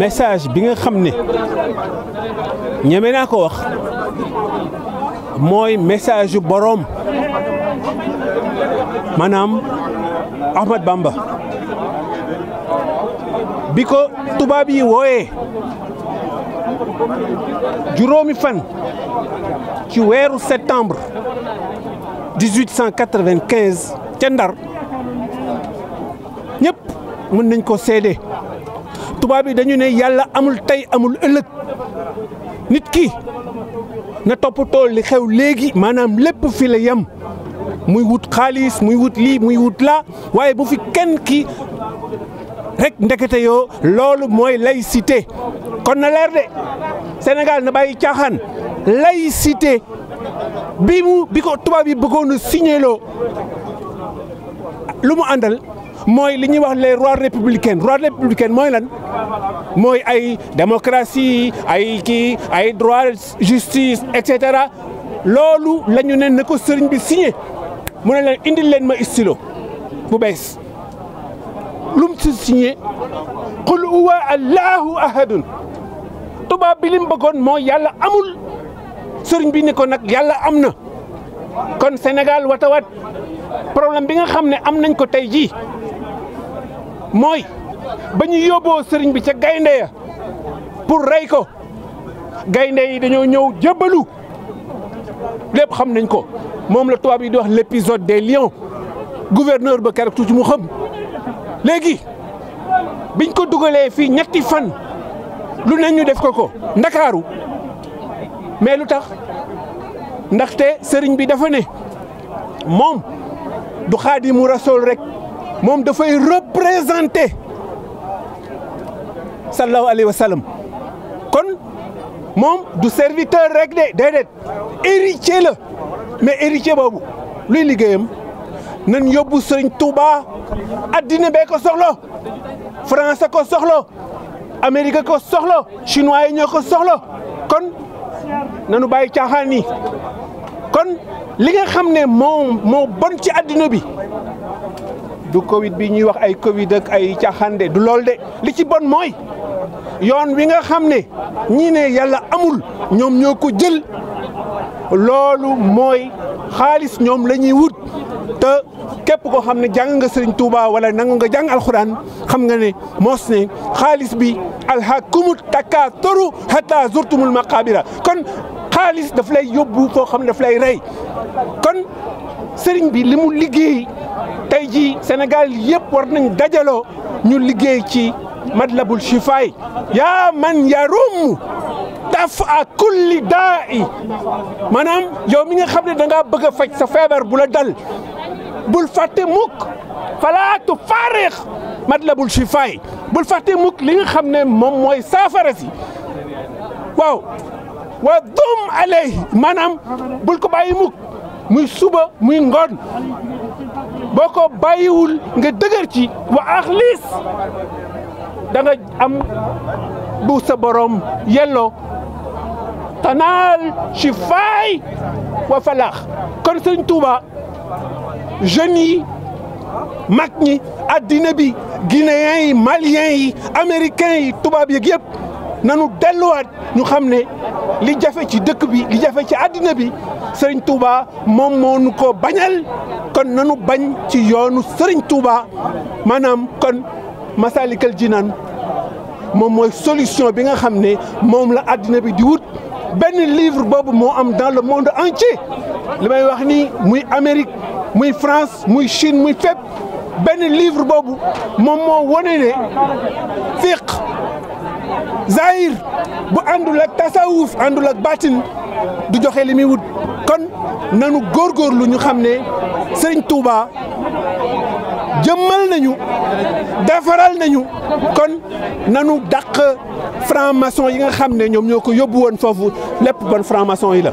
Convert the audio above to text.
message bi nga xam ne ñeme naa ko wax mooy message yu boroom maanaam Ahmad Bamba bi ko tubaab yi wooyee juróomi fan ci weeru septembre 1895 ca Ndar ñëpp mën nañ ko seede tubaab yi dañu ne yàlla amul tey amul ëllëg nit ki na toppatoo li xew léegi maanaam lépp fi la yem muy wut xaalis muy wut li muy wut la waaye bu fi kenn ki rekk ndekete yoo loolu mooy lay laïcité kon na leer de Sénégal na bàyyi caaxaan laïcité bi mu bi ko tubaab yi bëggoon a signéloo lu mu àndal mooy li ñuy wax les rois républicains rois républicains mooy lan mooy ay démocratie ay kii ay droit justice et cetera loolu lañu ñu ne na ko sëriñ bi signé mu ne leen indil leen ma stylo bu bees lu mu si signé qul huwa allahu ahadun tubaab bi lim bëggoon mooy yàlla amul sëriñ bi ne ko nag yàlla am na kon Sénégal watawat problème bi nga xam ne am nañ ko tey jii mooy ba ñu yóbboo sëriñ bi ca gaynde ya pour rey ko gaynde yi dañoo ñëw jébbalu lépp xam nañ ko moom la tubaab yi di wax l'épisode des lions gouverneur ba keroog tuuti mu xam léegi biñ ko dugalee fii ñetti fan lu ne ñu def ko ko ndakaaru mais lu tax ndaxte sëriñ bi dafa ne moom du xaadimu rasool rek moom dafay représenté sallallahu alayhi wa kon moom du serviteur rek de déedéet héritier la mais héritier boobu luy liggéeyam nan yóbbu sëñ Touba addina bee ko soxla France ko soxla Amérique ko soxla chinois yi ñoo ko soxla kon nanu bàyyi caaxaan yi kon li nga xam ne moo moo bon ci addina bi du Covid bi ñuy wax ay Covid ak ay caaxaande du lool de li ci bon mooy yoon wi nga xam ne ñii ne yàlla amul ñoom ñoo ko jël loolu mooy xaalis ñoom lañuy wut te képp koo xam ne jàng nga Serigne Touba wala nangu nga jàng alxuraan xam nga ne moos ne xaalis bi alhaakumut takaaturu hatta zurtumul maqaabira kon xaalis daf lay yóbbu foo xam ne daf lay rey kon Serigne bi li mu liggéey. tey jii Sénégal yépp war nañ dajaloo ñu liggéey ci madlabul shifaay yaa man yarum taf a kulli daa i maanaam yow mi nga xam ne da ngaa bëgg a faj sa feebar bu la dal bul fàtte mukk falaatu faarix madlabul shifaay bul fàtte mukk li nga xam ne moom mooy saafara si waaw wa dum alayhi maanaam bul ko bàyyi mukk muy suba muy ngoon boo ko bàyyiwul nga dëgër ci wa axlis da danga am bu sa borom yelloo tanaal ci faay wa falaax kon sëñ Touba jeunes yi mag ñi addina bi guinéens yi maliens yi américains yi tubaab yeeg yëpp nanu delluwaat ñu xam ne li jafe ci dëkk bi li jafe ci àddina bi sëriñ Touba moom moo nu ko bañal kon nanu bañ ci yoonu Serigne Touba maanaam kon ji Jinaan moom mooy solution bi nga xam ne moom la àddina bi di wut benn livre boobu moo am dans le monde entier li may wax ni muy Amérique muy France muy Chine muy fépp benn livre boobu moom moo wone ne fiq zahir bu àndul ak tasawuf àndul ak baatin du joxe li muy wut kon nanu góorgóorlu ñu xam ne sëriñ Touba jëmmal nañu dafaral nañu kon nanu dàq franc-maçon yi nga xam ne ñoom ñoo ko yóbbu foofu lépp bon franc-maçon yi la